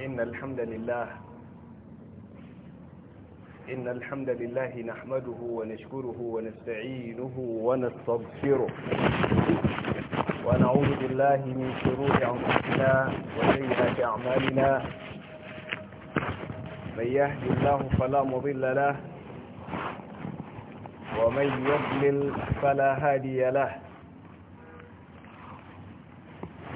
إن الحمد لله إن الحمد لله نحمده ونشكره ونستعينه ونستغفره ونعوذ بالله من شرور أنفسنا وسيئات أعمالنا من يهدي الله فلا مضل له ومن يضلل فلا هادي له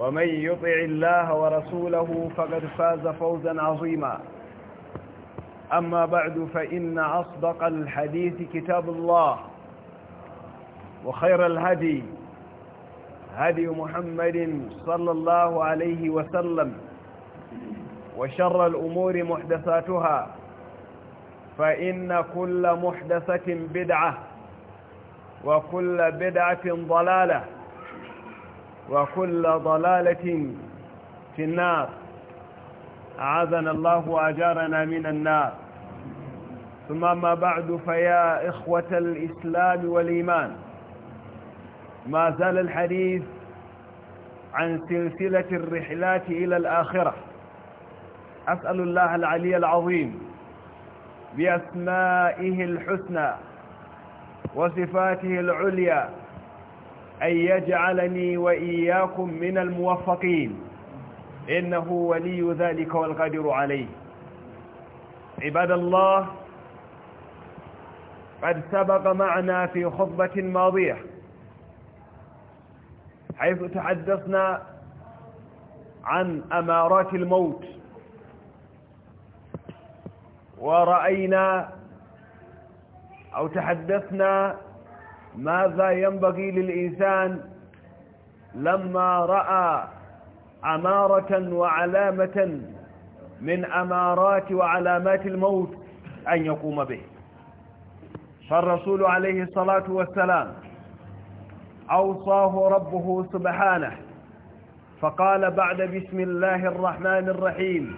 ومن يطع الله ورسوله فقد فاز فوزا عظيما أما بعد فإن أصدق الحديث كتاب الله وخير الهدي هدي محمد صلى الله عليه وسلم وشر الأمور محدثاتها فإن كل محدثة بدعة وكل بدعة ضلالة وكل ضلالة في النار أعاذنا الله وأجارنا من النار ثم ما بعد فيا إخوة الإسلام والإيمان ما زال الحديث عن سلسلة الرحلات إلى الآخرة أسأل الله العلي العظيم بأسمائه الحسنى وصفاته العليا أن يجعلني وإياكم من الموفقين إنه ولي ذلك والقدر عليه عباد الله قد سبق معنا في خطبة ماضية حيث تحدثنا عن أمارات الموت ورأينا أو تحدثنا ماذا ينبغي للإنسان لما رأى أمارة وعلامة من أمارات وعلامات الموت أن يقوم به فالرسول عليه الصلاة والسلام أوصاه ربه سبحانه فقال بعد بسم الله الرحمن الرحيم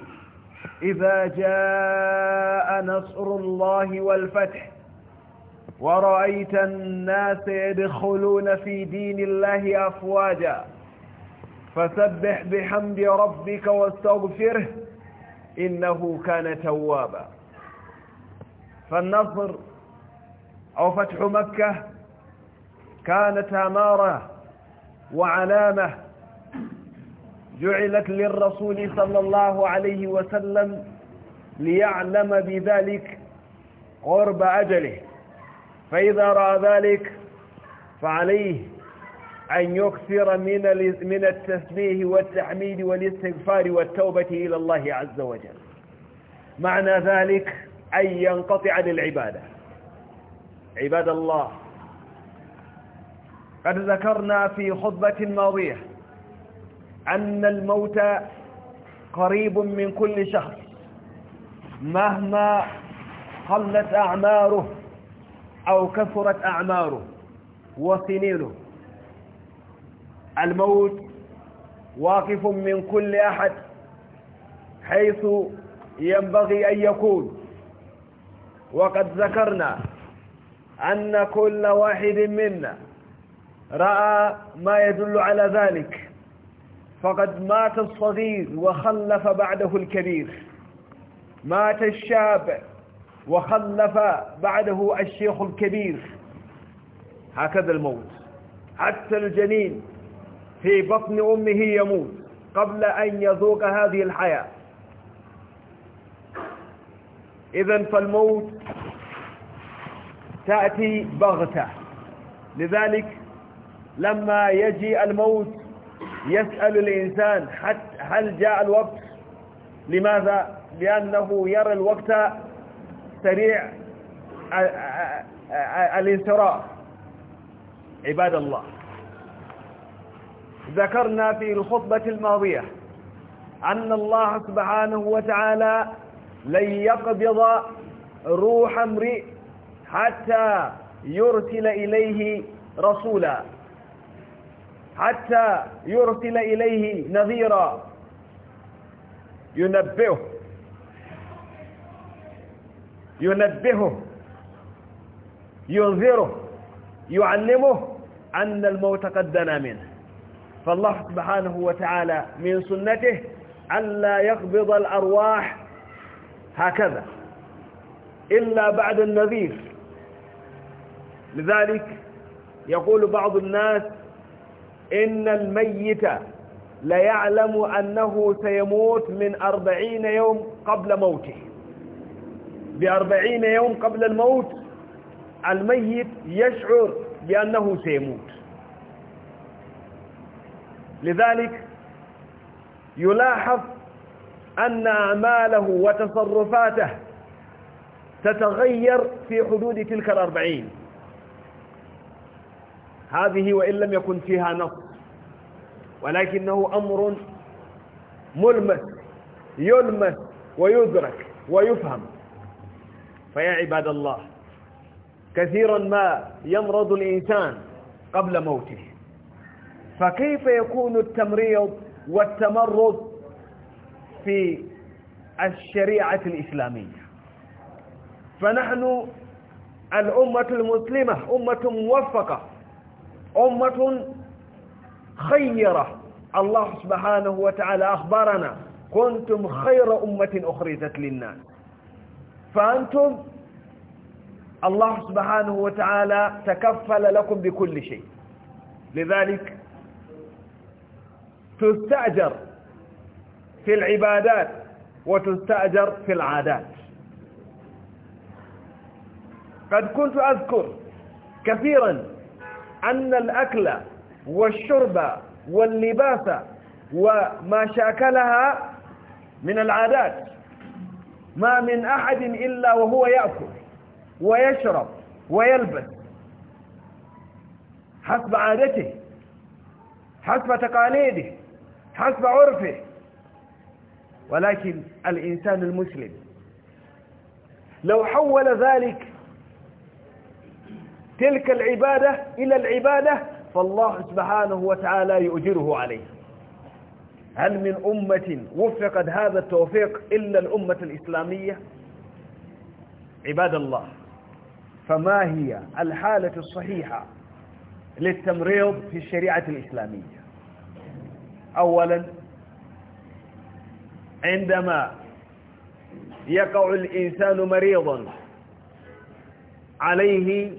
إذا جاء نصر الله والفتح ورأيت الناس يدخلون في دين الله أفواجا فسبح بحمد ربك واستغفره إنه كان توابا فالنصر أو فتح مكة كانت أمارة وعلامة جعلت للرسول صلى الله عليه وسلم ليعلم بذلك قرب أجله فإذا رأى ذلك فعليه أن يكثر من من التسبيح والتحميد والاستغفار والتوبة إلى الله عز وجل معنى ذلك أن ينقطع للعبادة عباد الله قد ذكرنا في خطبة ماضية أن الموت قريب من كل شخص مهما قلت أعماره أو كثرت أعماره وسنينه الموت واقف من كل أحد حيث ينبغي أن يكون وقد ذكرنا أن كل واحد منا رأى ما يدل على ذلك فقد مات الصغير وخلف بعده الكبير مات الشاب وخلف بعده الشيخ الكبير هكذا الموت حتى الجنين في بطن أمه يموت قبل أن يذوق هذه الحياة إذا فالموت تأتي بغتة لذلك لما يجي الموت يسأل الإنسان حتى هل جاء الوقت لماذا؟ لأنه يرى الوقت سريع الانصراف عباد الله ذكرنا في الخطبة الماضية أن الله سبحانه وتعالى لن يقبض روح امرئ حتى يرسل إليه رسولا حتى يرسل إليه نذيرا ينبئه ينبهه ينذره يعلمه أن الموت قد دنا منه فالله سبحانه وتعالى من سنته ألا يقبض الأرواح هكذا إلا بعد النذير لذلك يقول بعض الناس إن الميت ليعلم أنه سيموت من أربعين يوم قبل موته بأربعين يوم قبل الموت الميت يشعر بأنه سيموت لذلك يلاحظ أن أعماله وتصرفاته تتغير في حدود تلك الأربعين هذه وإن لم يكن فيها نص ولكنه أمر ملمس يلمس ويدرك ويفهم فيا عباد الله كثيرا ما يمرض الإنسان قبل موته فكيف يكون التمريض والتمرض في الشريعة الإسلامية فنحن الأمة المسلمة أمة موفقة أمة خيرة الله سبحانه وتعالى أخبرنا كنتم خير أمة أخرجت للناس فأنتم الله سبحانه وتعالى تكفل لكم بكل شيء لذلك تستأجر في العبادات وتستأجر في العادات قد كنت أذكر كثيرا أن الأكل والشرب واللباس وما شاكلها من العادات ما من أحد إلا وهو يأكل ويشرب ويلبس حسب عادته حسب تقاليده حسب عرفه ولكن الإنسان المسلم لو حول ذلك تلك العبادة إلى العبادة فالله سبحانه وتعالى يؤجره عليه هل من أمة وفقت هذا التوفيق إلا الأمة الإسلامية عباد الله فما هي الحالة الصحيحة للتمريض في الشريعة الإسلامية أولا عندما يقع الإنسان مريضا عليه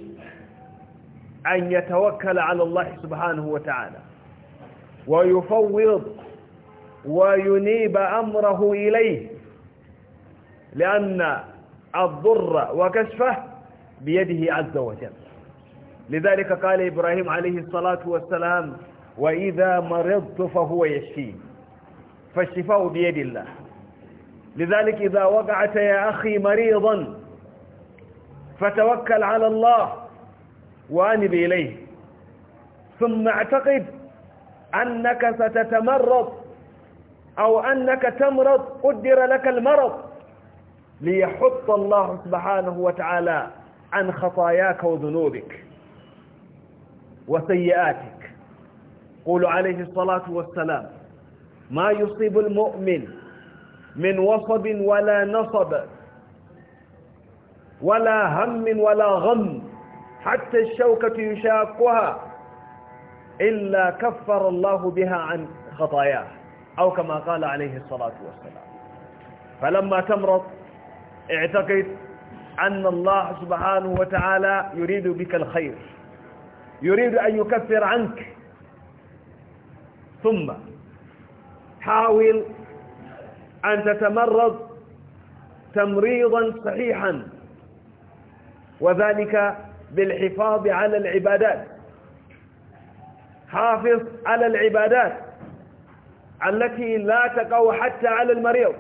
أن يتوكل على الله سبحانه وتعالى ويفوض وينيب أمره إليه لأن الضر وكشفه بيده عز وجل لذلك قال إبراهيم عليه الصلاة والسلام وإذا مرضت فهو يشفين فالشفاء بيد الله لذلك إذا وقعت يا أخي مريضا فتوكل على الله وأنب إليه ثم اعتقد أنك ستتمرض أو أنك تمرض قدر لك المرض ليحط الله سبحانه وتعالى عن خطاياك وذنوبك وسيئاتك قول عليه الصلاة والسلام ما يصيب المؤمن من وصب ولا نصب ولا هم ولا غم حتى الشوكة يشاقها إلا كفر الله بها عن خطاياه أو كما قال عليه الصلاة والسلام فلما تمرض اعتقد أن الله سبحانه وتعالى يريد بك الخير يريد أن يكفر عنك ثم حاول أن تتمرض تمريضا صحيحا وذلك بالحفاظ على العبادات حافظ على العبادات التي لا تقع حتى على المريض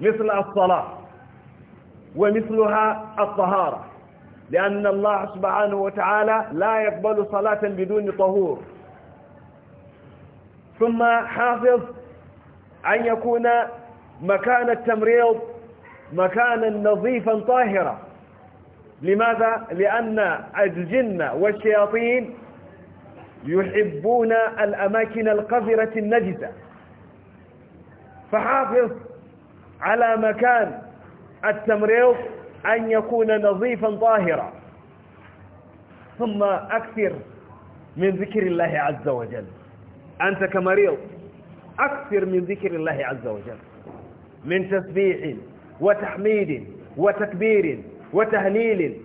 مثل الصلاة ومثلها الطهارة لأن الله سبحانه وتعالى لا يقبل صلاة بدون طهور ثم حافظ أن يكون مكان التمريض مكانا نظيفا طاهرا لماذا؟ لأن الجن والشياطين يحبون الأماكن القذرة النجسة فحافظ على مكان التمريض أن يكون نظيفا طاهرا ثم أكثر من ذكر الله عز وجل أنت كمريض أكثر من ذكر الله عز وجل من تسبيح وتحميد وتكبير وتهليل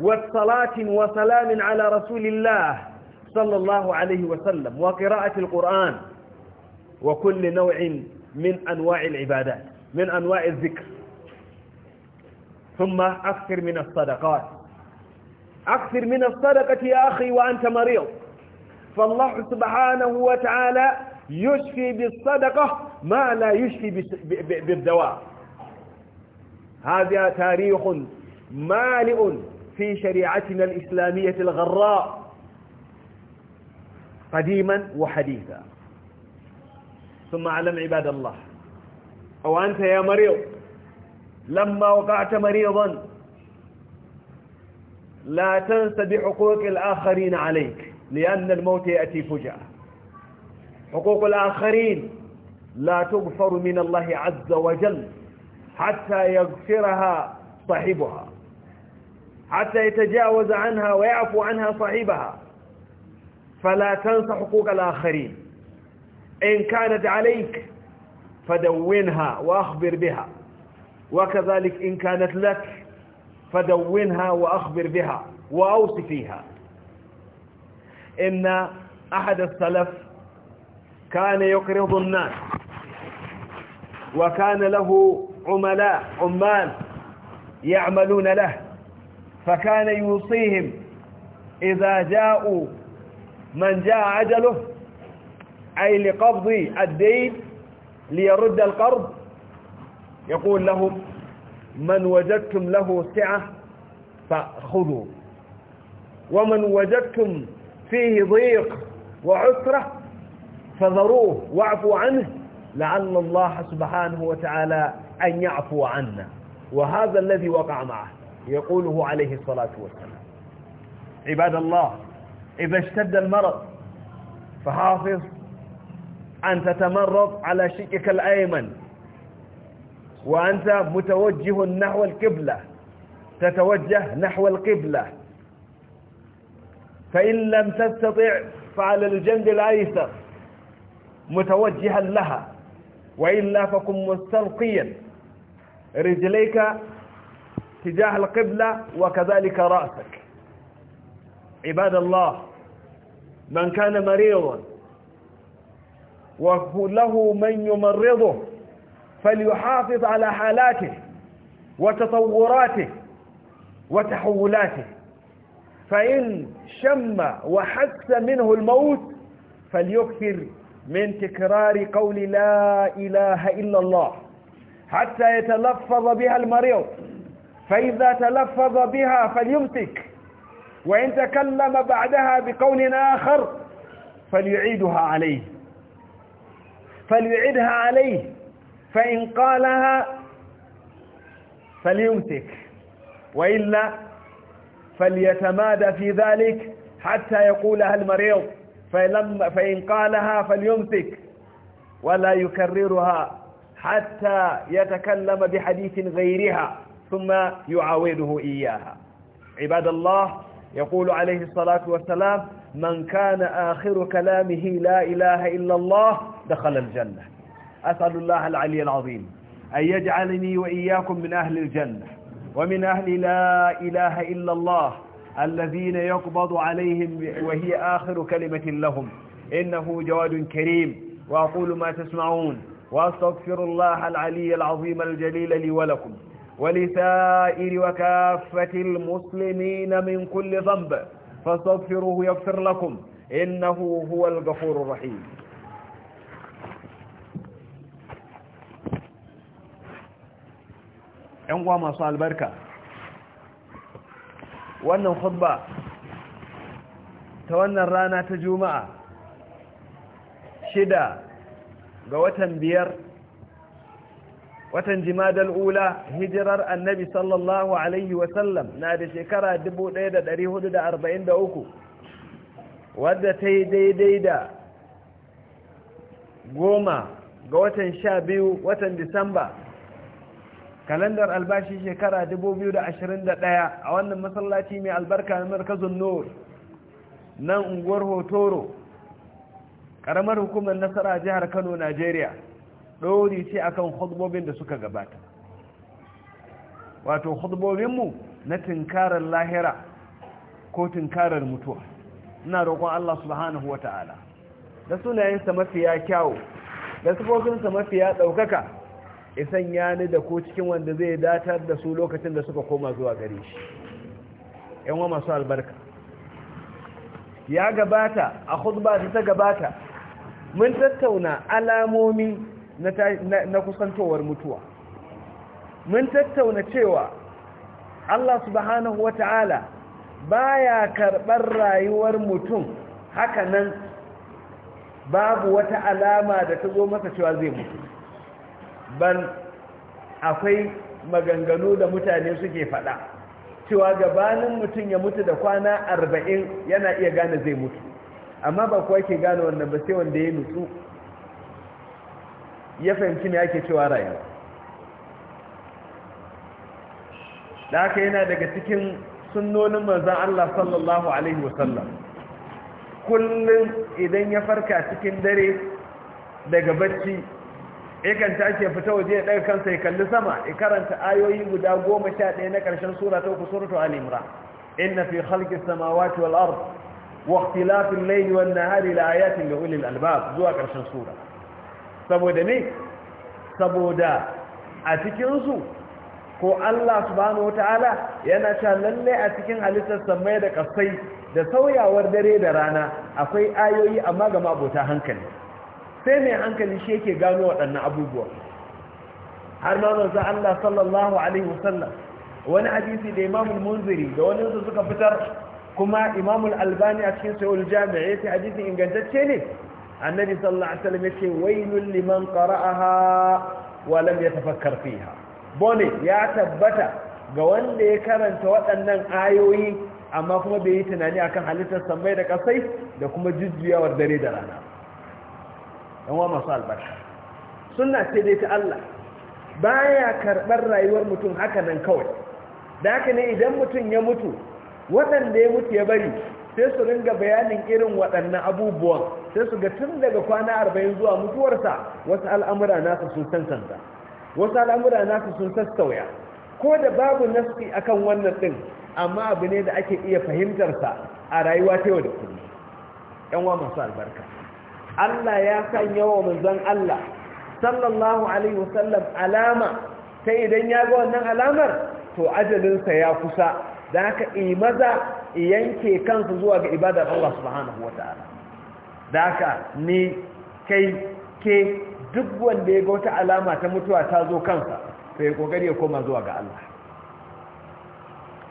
والصلاة وسلام على رسول الله صلى الله عليه وسلم وقراءة القرآن وكل نوع من أنواع العبادات من أنواع الذكر ثم أكثر من الصدقات أكثر من الصدقة يا أخي وأنت مريض فالله سبحانه وتعالى يشفي بالصدقة ما لا يشفي بالدواء هذا تاريخ مالئ في شريعتنا الإسلامية الغراء قديما وحديثا ثم علم عباد الله أو أنت يا مريض لما وقعت مريضا لا تنس بحقوق الآخرين عليك لأن الموت يأتي فجأة حقوق الآخرين لا تغفر من الله عز وجل حتى يغفرها صاحبها حتى يتجاوز عنها ويعفو عنها صاحبها فلا تنس حقوق الآخرين إن كانت عليك فدونها وأخبر بها وكذلك إن كانت لك فدونها وأخبر بها وأوصي فيها إن أحد السلف كان يقرض الناس وكان له عملاء عمال يعملون له فكان يوصيهم إذا جاءوا من جاء عجله أي لقبض الدين ليرد القرض يقول لهم من وجدتم له سعة فخذوا ومن وجدتم فيه ضيق وعسرة فذروه واعفوا عنه لعل الله سبحانه وتعالى أن يعفو عنا وهذا الذي وقع معه يقوله عليه الصلاة والسلام عباد الله إذا اشتد المرض فحافظ أن تتمرض على شقك الأيمن وأنت متوجه نحو القبلة تتوجه نحو القبلة فإن لم تستطع فعلى الجنب الأيسر متوجها لها وإلا فكن مستلقيا رجليك تجاه القبلة وكذلك رأسك عباد الله من كان مريضا وله من يمرضه فليحافظ على حالاته وتطوراته وتحولاته فإن شم وحس منه الموت فليكثر من تكرار قول لا إله إلا الله حتى يتلفظ بها المريض فإذا تلفظ بها فليمسك وإن تكلم بعدها بقول آخر فليعيدها عليه فليعدها عليه فإن قالها فليمسك وإلا فليتمادى في ذلك حتى يقولها المريض فلما فإن قالها فليمسك ولا يكررها حتى يتكلم بحديث غيرها ثم يعاوده إياها عباد الله يقول عليه الصلاة والسلام من كان آخر كلامه لا إله إلا الله دخل الجنة أسأل الله العلي العظيم أن يجعلني وإياكم من أهل الجنة ومن أهل لا إله إلا الله الذين يقبض عليهم وهي آخر كلمة لهم إنه جواد كريم وأقول ما تسمعون وأستغفر الله العلي العظيم الجليل لي ولكم ولسائر وكافة المسلمين من كل ذنب فاستغفروه يغفر لكم إنه هو الغفور الرحيم yan uwa masu albarka wannan khutba ta wannan rana ta juma'a shida ga watan biyar watan jimadal ula hijirar annabi sallallahu alaihi wasallam na da shekara 1443 wadda ta yi daidai da goma ga watan sha biyu watan disamba kalandar albashi shekara 2021 a wannan masallaci mai albarka na markazin nur nan unguwar hotoro karamar hukumar nasara jihar kano najeriya ɗori ce akan kan da suka gabata wato hudubobinmu na tunkarar lahira ko tunkarar mutuwa ina roƙon allah subhanahu wa ta'ala da sunayensa mafiya kyawu da sufofinsa mafiya ɗaukaka isan ya ni da ko cikin wanda zai datar da su lokacin da suka koma zuwa gare shi yan wa masu albarka ya gabata a khutba ta gabata mun tattauna alamomi na kusantowar mutuwa mun tattauna cewa Allah subhanahu wata'ala baya karɓar rayuwar mutum hakanan babu wata alama da ta zo masa cewa zai mutu ban akwai maganganu da mutane suke faɗa cewa gabanin mutum ya mutu da kwana arba'in yana iya gane zai mutu amma ba kuwa ke gane wannan ba sai wanda ya mutu ya fahimci me ake cewa rayuwa da haka yana daga cikin sunnonin manzan Allah sallallahu Alaihi wasallam kullum idan ya farka cikin dare daga bacci yakan tashi ya fita waje ya ɗaga kansa ya kalli sama ya karanta ayoyi guda goma sha ɗaya na ƙarshen sura ta uku suratu al-imra inna fi khalqis samawati wal ard wa ikhtilafil layli wan nahari la ayatin li ulil albab zuwa ƙarshen sura saboda ne saboda a cikin su ko Allah subhanahu wataala yana ta lalle a cikin halittar samai da kasai da sauyawar dare da rana akwai ayoyi amma ga mabota hankali sai mai hankali shi yake gano waɗannan abubuwa har ma manzo Allah sallallahu alaihi wasallam wani hadisi da Imam munziri da wani su suka fitar kuma Imam al albani a cikin Sahih al-Jami' yace hadisi ingantacce ne annabi sallallahu alaihi wasallam yace wailul liman qara'aha wa lam yatafakkar fiha bone ya tabbata ga wanda ya karanta waɗannan ayoyi amma kuma bai yi tunani akan halittar sammai da kasai da kuma jujjuyawar dare da rana Yanwa masu albarka sunna ce dai ta Allah baya karɓar rayuwar mutum haka nan kawai da haka ne idan mutum ya mutu waɗanda ya mutu ya bari sai su ringa bayanin irin waɗannan abubuwan sai su ga tun daga kwana arba'in zuwa mutuwarsa wasu al'amura nasu sun tantanta wasu al'amura nasu sun sassauya ko da babu nasi akan wannan ɗin amma abu ne da ake iya fahimtarsa a rayuwa ta yau da kullum 'yan wa masu albarka Allah ya san wa manzon Allah sallallahu alaihi wasallam alama ta idan ya ga wannan alamar to ajalinsa ya kusa da haka maza yanke kansa zuwa ga ibadar Allah subhanahu wataala da haka ni kai ke duk wanda ya ga wata alama ta mutuwa ta zo kansa sai kokari ya koma zuwa ga Allah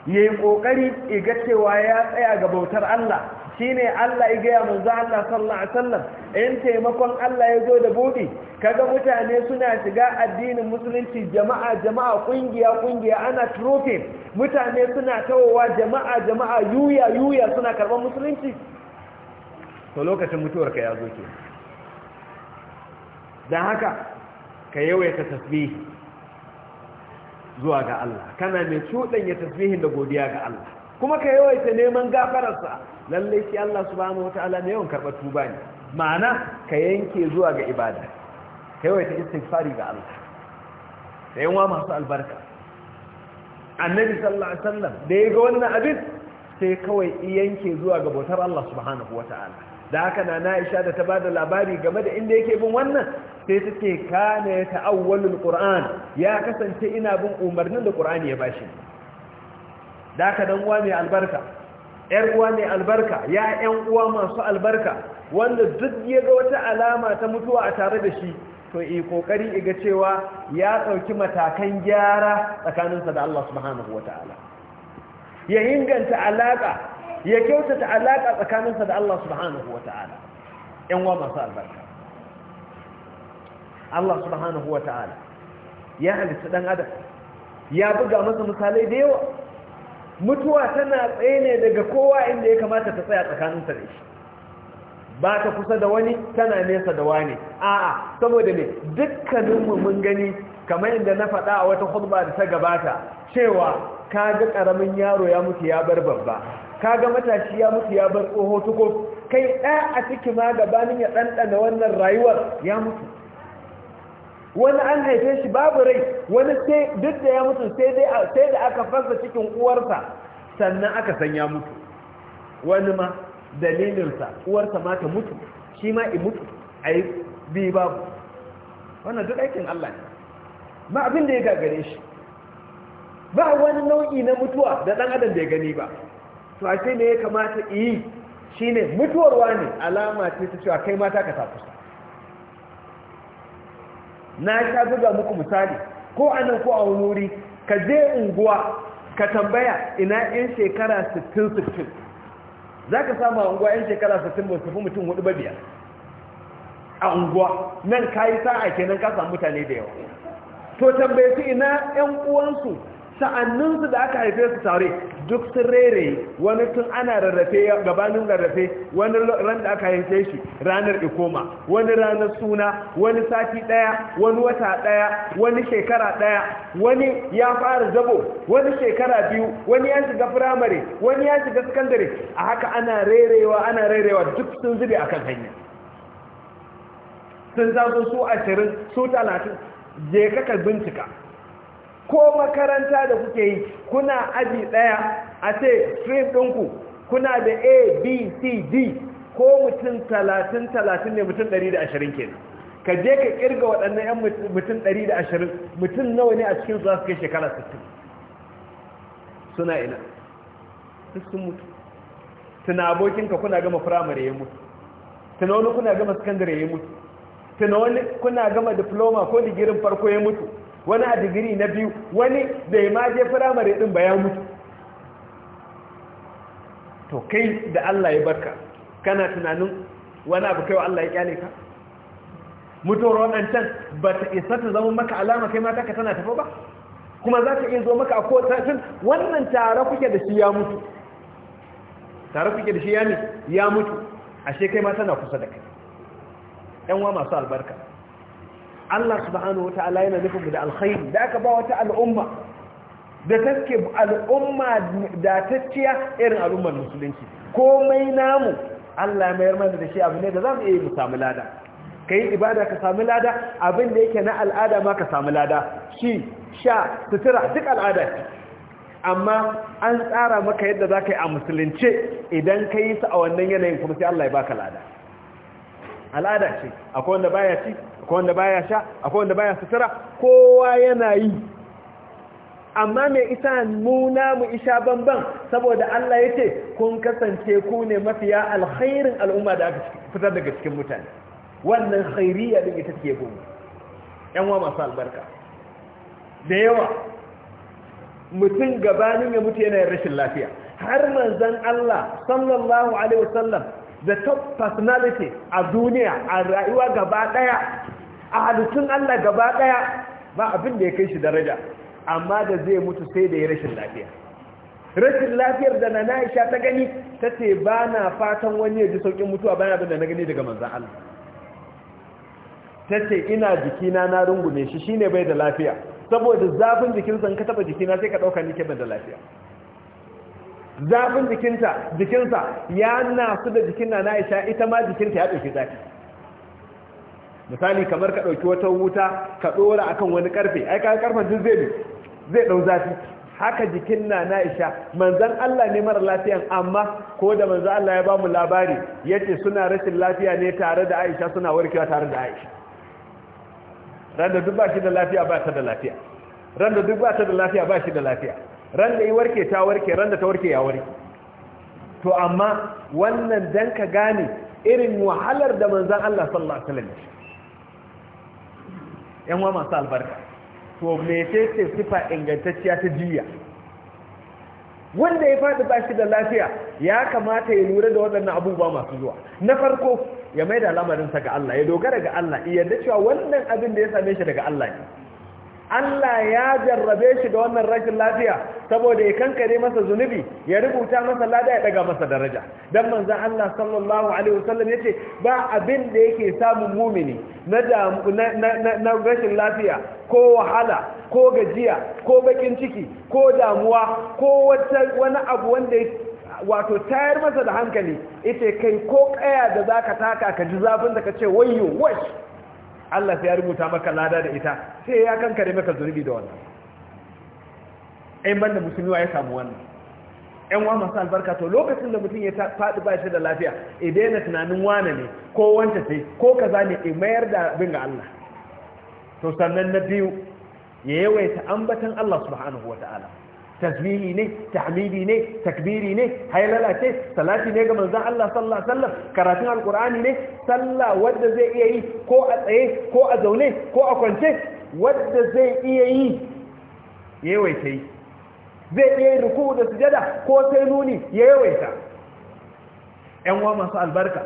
ya yi ƙoƙari iga cewa ya tsaya ga bautar Allah shi ne Allah iga ya za Allah sallallahu in taimakon Allah ya zo da buɗi kaga mutane suna shiga addinin musulunci jama'a jama'a ƙungiya ƙungiya ana trofin mutane suna tawowa jama'a jama'a yuya yuya suna karɓar musulunci to lokacin mutuwarka ya zo ke don haka ka yawaita tasbihi zuwa ga Allah kana mai ya tasbihin da godiya ga Allah kuma ka yawaita neman gafararsa lallai shi Allah subhanahu wataala ne yawan karɓar tuba ne ma'ana ka yanke zuwa ga ibada ka yawaita istighfari ga Allah da yawa masu albarka annabi sallallahu alaihi da ya ga wannan abin sai kawai yanke zuwa ga bautar Allah subhanahu Ta'ala. da haka na Aisha da ta ba da labari game da inda yake bin wannan sai take kana ya ta'awwalul Qur'an ya kasance ina bin umarnin da Qur'ani ya bashi da haka dan uwa mai albarka yar uwa mai albarka ya yan uwa masu albarka wanda duk ya ga wata alama ta mutuwa a tare da shi to yi kokari iga cewa ya dauki matakan gyara tsakaninsa da Allah subhanahu wataala ya inganta alaƙa. ya kyautata alaƙa tsakaninsa da Allah subhanahu wata'ala ‘yan wa masu albarka Allah subhanahu wata'ala ya halitta ɗan adam ya buga masa misalai da yawa mutuwa tana tsaye ne daga kowa inda ya kamata ta tsaya tsakaninsa da shi ba ta kusa da wani tana nesa da wani a'a saboda ne dukkaninmu mun gani kamar inda na faɗa a wata hudba da ta gabata cewa ka ga ƙaramin yaro ya mutu ya bar babba kaga matashi ya mutu ya bar tsoho tuko kai ɗa a ciki ma gabanin ya ɗanɗana wannan rayuwar ya mutu wani an haife shi babu rai wani sai duk da ya mutu sai da aka fasa cikin uwarsa sannan aka san ya mutu wani ma dalilinsa uwarsa ma ta mutu shi ma i mutu a yi bi babu wannan duk aikin Allah ne ba abin da ya gagare shi ba wani nau'i na mutuwa da ɗan adam da ya gani ba to ashe ne ya kamata yi shine mutuwarwa ne alama ce ta cewa kai mata ka tafi na sha buga muku misali ko a nan ko a wani wuri ka je unguwa ka tambaya ina yan shekara 60-60 za ka samu a unguwa yan shekara 60 ba su fi mutum hudu ba biyar a unguwa nan ka yi sa'a kenan ka samu mutane da yawa to tambaye su ina yan uwansu sa'anninsu da aka haife su tare duk sun rere wani tun ana rarrafe gabanin rarrafe wani ran da aka haife shi ranar ikoma wani ranar suna wani sati daya wani wata daya wani shekara daya wani ya fara zabo wani shekara biyu wani ya shiga firamare wani ya shiga sakandare a haka ana rerewa ana rerewa duk sun zube akan hanya sun zazo su ashirin su talatin je ka bincika ko makaranta da kuke yi kuna aji ɗaya a ce stream ɗinku kuna da a b c d ko mutum talatin talatin ne mutum ɗari da ashirin kenan ka je ka kirga waɗannan 'yan mutum ɗari da ashirin mutum nawa ne a cikin su suke kai shekara sittin suna ina sun mutu tuna abokinka kuna gama firamare ya mutu tuna wani kuna gama sakandare ya mutu tuna wani kuna gama diploma ko digirin farko ya mutu wani a digiri na biyu wani ya ma je firamare din ba mutu to kai da Allah ya barka kana tunanin wani abu kai wa Allah ya kyale ka mutuwar waɗancan ba ta isa ta zama maka alama kai mata ka tana tafa ba kuma za ta iya zo maka a kowace wannan tare kuke da shi ya mutu tare kuke da shi ya mutu ashe kai ma tana kusa da kai ɗan wa masu albarka Allah subhanahu wata'ala yana nufin da alkhairi da aka ba wata al'umma da take al'umma da tacciya irin al'ummar musulunci komai namu Allah ya mayar mana da shi abu ne da za mu iya mu samu lada ka yi ibada ka samu lada abin da yake na al'ada ma ka samu lada shi sha sutura duk al'ada ce amma an tsara maka yadda za ka yi a musulunce idan ka yi su a wannan yanayin kuma sai Allah ya baka lada al'ada ce akwai wanda baya ci akwai wanda baya sha akwai wanda baya sutura kowa yana yi amma mai isa nuna mu isha banban saboda Allah ya ce kun kasance ku ne mafiya alkhairin al'umma da aka fitar daga cikin mutane wannan khairiyya din ita take gobe yan wa masu albarka da yawa mutum gabanin ya mutu yana rashin lafiya har manzon Allah sallallahu alaihi wasallam the top personality a duniya a rayuwa gaba daya a halittun Allah gaba ɗaya ba abin da ya kai shi daraja amma da zai mutu sai da ya rashin lafiya rashin lafiyar da na na'isha ta gani ta ce ba na fatan wani ya ji saukin mutuwa bayan abin da na gani daga manzan Allah ta ce ina jikina na rungume shi shi ne bai da lafiya saboda zafin jikinsa ka taba jikina sai ka ɗauka nike ban da lafiya zafin jikinsa ya nasu da jikin na na'isha ita ma jikinta ya ɗauki zafi misali kamar ka ɗauki wata wuta ka ɗora akan wani ƙarfe ai ka ƙarfen duk zai zai ɗau zafi haka jikin na Aisha, manzan Allah ne mara lafiyan amma ko da manzan Allah ya ba mu labari yace suna rashin lafiya ne tare da Aisha suna warkewa tare da Aisha Ran da duk ba shi da lafiya ba ta da lafiya Ran da duk ba ta da lafiya ba shi da lafiya Ran da yi warke ta warke ran da ta warke ya warke to amma wannan dan ka gane irin wahalar da manzan Allah sallallahu alaihi wasallam yan wa masu albarka to mece ce sifa ingantacciya ta jiya wanda ya faɗi ba shi da lafiya ya kamata ya lura da waɗannan abubuwa masu zuwa na farko ya mai da lamarinsa ga Allah ya dogara ga Allah iya yarda cewa wannan abin da ya same shi daga Allah ne Allah ya jarrabe shi da wannan rashin lafiya saboda ya kankare masa zunubi ya rubuta masa lada daga masa daraja dan manzon Allah sallallahu alaihi wasallam yace ba abin da yake samun mumini na na rashin lafiya ko wahala ko gajiya ko bakin ciki ko damuwa ko wata wani abu wanda wato tayar masa da hankali ita kai ko kaya da zaka taka ka ji zafin da ka ce wayyo wai Allah sai ya rubuta maka lada da ita sai ya kankare maka zunubi da wannan ɗan banda musulmi ya samu wannan ɗan wa masu albarka to lokacin da mutum ya faɗi ba shi da lafiya ya na tunanin wane ne ko wanta sai, ko kaza ne mayar da bin ga Allah to sannan na biyu ya yawaita ambatan Allah subhanahu wa ta'ala tasbihi ne tahmidi ne takbiri ne haylala ce salati ne ga manzon Allah sallallahu alaihi wasallam karatun alqur'ani ne sallah wanda zai iya yi ko a tsaye ko a zaune ko a kwance wanda zai iya yi yawaita zai iya ruku da sujada ko sai nuni ya yawaita yan masu albarka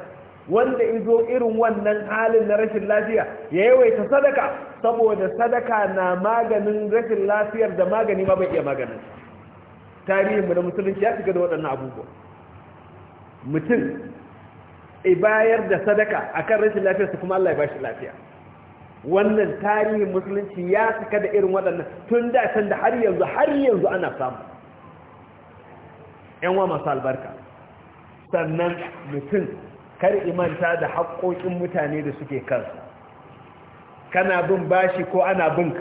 wanda izo irin wannan halin na rashin lafiya ya yawaita sadaka saboda sadaka na maganin rashin lafiyar da magani ma bai iya maganin tarihinmu da musulunci ya shiga da waɗannan abubuwa mutum bayar da sadaka akan rashin lafiyar su kuma Allah ya bashi lafiya wannan tarihin musulunci ya cika da irin waɗannan tun da can da har yanzu har yanzu ana samu yanwa masu albarka sannan mutum kar imanta da haƙoƙin mutane da suke kansu kana bin bashi ko ana bin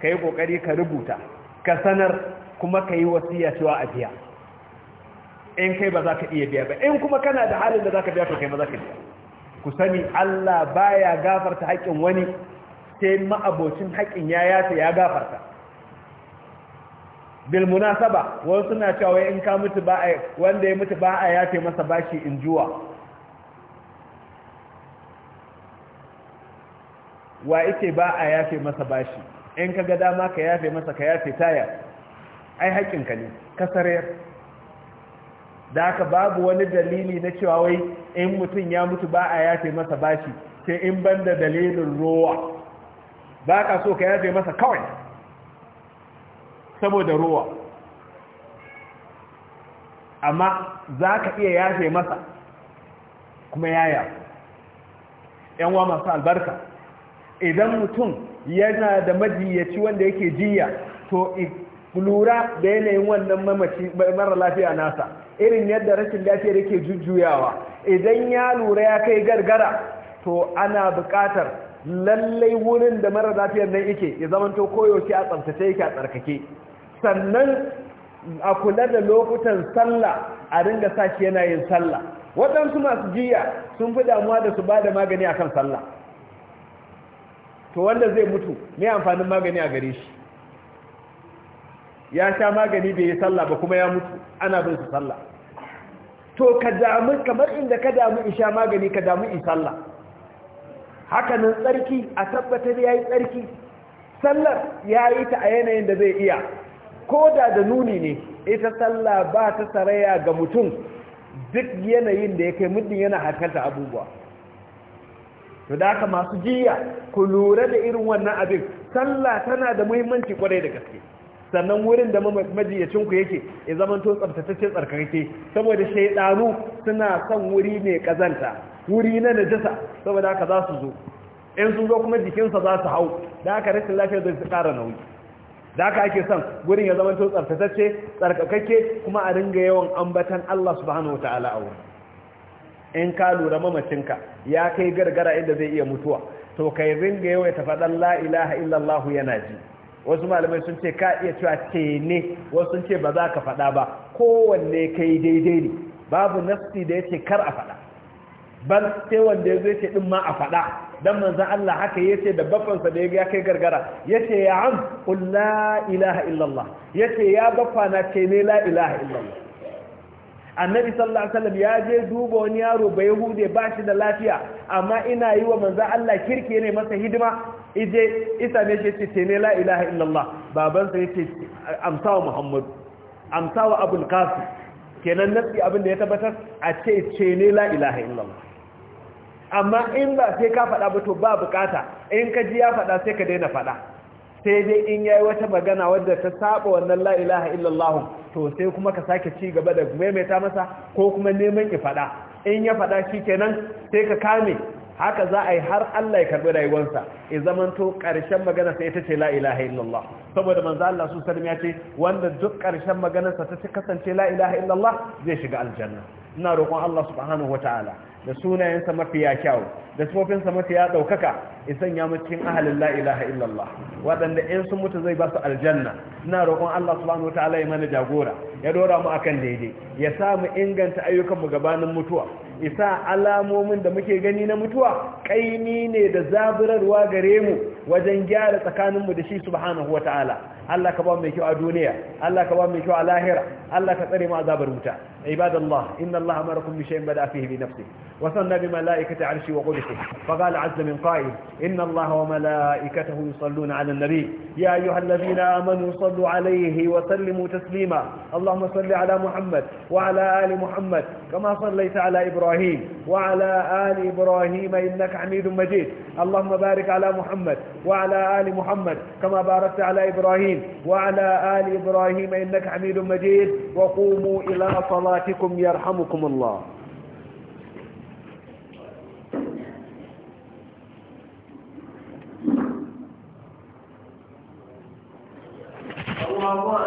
ka yi ƙoƙari ka rubuta ka sanar kuma ka yi wasiya cewa a biya in kai ba za ka iya biya ba in kuma kana da halin da za ka biya to kai ma za ka biya ku sani Allah baya gafarta haƙƙin wani sai ma'abocin haƙƙin ya yata ya gafarta bil munasaba wasu na cewa in ka mutu ba wanda ya mutu ba a yafe masa bashi in juwa wa ite ba a yafe masa bashi in ka ga dama ka yafe masa ka yafe taya ai haƙƙinka ne ka sarayar da haka babu wani dalili na cewa wai in mutum ya mutu ba a yafe masa bashi sai in banda dalilin rowa ba ka so ka yafe masa kawai saboda rowa amma za ka iya yafe masa kuma yaya yan wa masu albarka idan mutum yana da majiyaci wanda yake jiya to lura da yanayin wannan mamaci mara lafiya nasa irin yadda rashin lafiyar yake jujjuyawa idan ya lura ya kai gargara to ana buƙatar lallai wurin da mara lafiyar nan yake ya zamanto koyaushe a tsamtace yake a tsarkake sannan a kula da lokutan sallah a ringa sa shi yana yin sallah waɗansu masu jiya sun fi damuwa da su ba da magani akan sallah to wanda zai mutu mai amfanin magani a gare shi ya sha magani bai yi sallah ba kuma ya mutu ana bin su sallah to ka damu kamar inda ka damu in sha magani ka damu in sallah nan tsarki a tabbatar ya yi tsarki sallar ya yi ta a yanayin da zai iya ko da da nuni ne ita sallah ba ta saraya ga mutum duk yanayin da ya kai muddin yana harkanta abubuwa to da haka masu jiya ku lura da irin wannan abin sallah tana da muhimmanci kwarai da gaske sannan wurin da majiyacin ku yake ya zaman to tsabtatacce tsarkake saboda shaydanu suna son wuri mai kazanta wuri na najasa saboda haka za su zo in sun zo kuma jikinsa za su hau da haka rashin lafiya zai su ƙara nauyi da haka ake son wurin ya zama to tsarkakacce tsarkake kuma a ringa yawan ambatan Allah subhanahu wataala a wurin in ka lura mamacinka ya kai gargara inda zai iya mutuwa to kai ringa yawaita tafi la ilaha illallahu yana ji wasu malamai sun ce ka iya cewa ne wasu sun ce ba za ka faɗa ba kowanne kai daidai ne babu nasti da ya ce kar a faɗa ban sai wanda ya zai ce ɗin ma a faɗa dan manzan Allah haka ya ce da bafansa da ya kai gargara ya ce ya am la ilaha illallah ya ce ya bafa na ne la ilaha illallah annabi sallallahu alaihi wasallam ya je duba wani yaro bai hude ba shi da lafiya amma ina yi wa manzo Allah kirke ne masa hidima ije isa ne shi ce ne la ilaha illallah baban sa yace amsawa muhammad amsawa abul qasim kenan nasi abin da ya tabbatar a ce ce ne la ilaha illallah amma in ba sai ka faɗa ba to ba bukata in ka ji ya faɗa sai ka daina faɗa sai dai in yayi wata magana wadda ta saba wannan la ilaha illallah to sai kuma ka sake ci gaba da maimaita masa ko kuma neman ki fada in ya fada kenan, sai ka kame haka za a yi har Allah ya karbi rayuwarsa ya zamanto karshen magana sai ita ce la ilaha illallah saboda manzo Allah su sallam ya ce wanda duk ƙarshen maganarsa ta kasance la ilaha illallah zai shiga aljanna ina roƙon Allah subhanahu wataala da sunayensa mafiya kyau da sufofinsa mafiya ɗaukaka in sanya mutu cikin ahalin la ilaha illallah waɗanda in sun mutu zai ba su aljanna ina roƙon Allah subhanahu ta'ala ya mana jagora ya dora mu akan daidai ya sa mu inganta ayyukan mu gabanin mutuwa isa alamomin da muke gani na mutuwa kaini ne da zaburarwa gare mu wajen gyara tsakanin mu da shi subhanahu ta'ala. Allah ka ba mu mai kyau a duniya Allah ka ba mu mai kyau a lahira Allah ka tsare mu azabar wuta عباد الله إن الله أمركم بشيء بدأ فيه بنفسه وثنى بملائكة عرشه وقدسه فقال عز من قائل إن الله وملائكته يصلون على النبي يا أيها الذين آمنوا صلوا عليه وسلموا تسليما اللهم صل على محمد وعلى آل محمد كما صليت على إبراهيم وعلى آل إبراهيم إنك حميد مجيد اللهم بارك على محمد وعلى آل محمد كما باركت على إبراهيم وعلى آل إبراهيم إنك حميد مجيد وقوموا إلى صلاة صلواتكم يرحمكم الله الله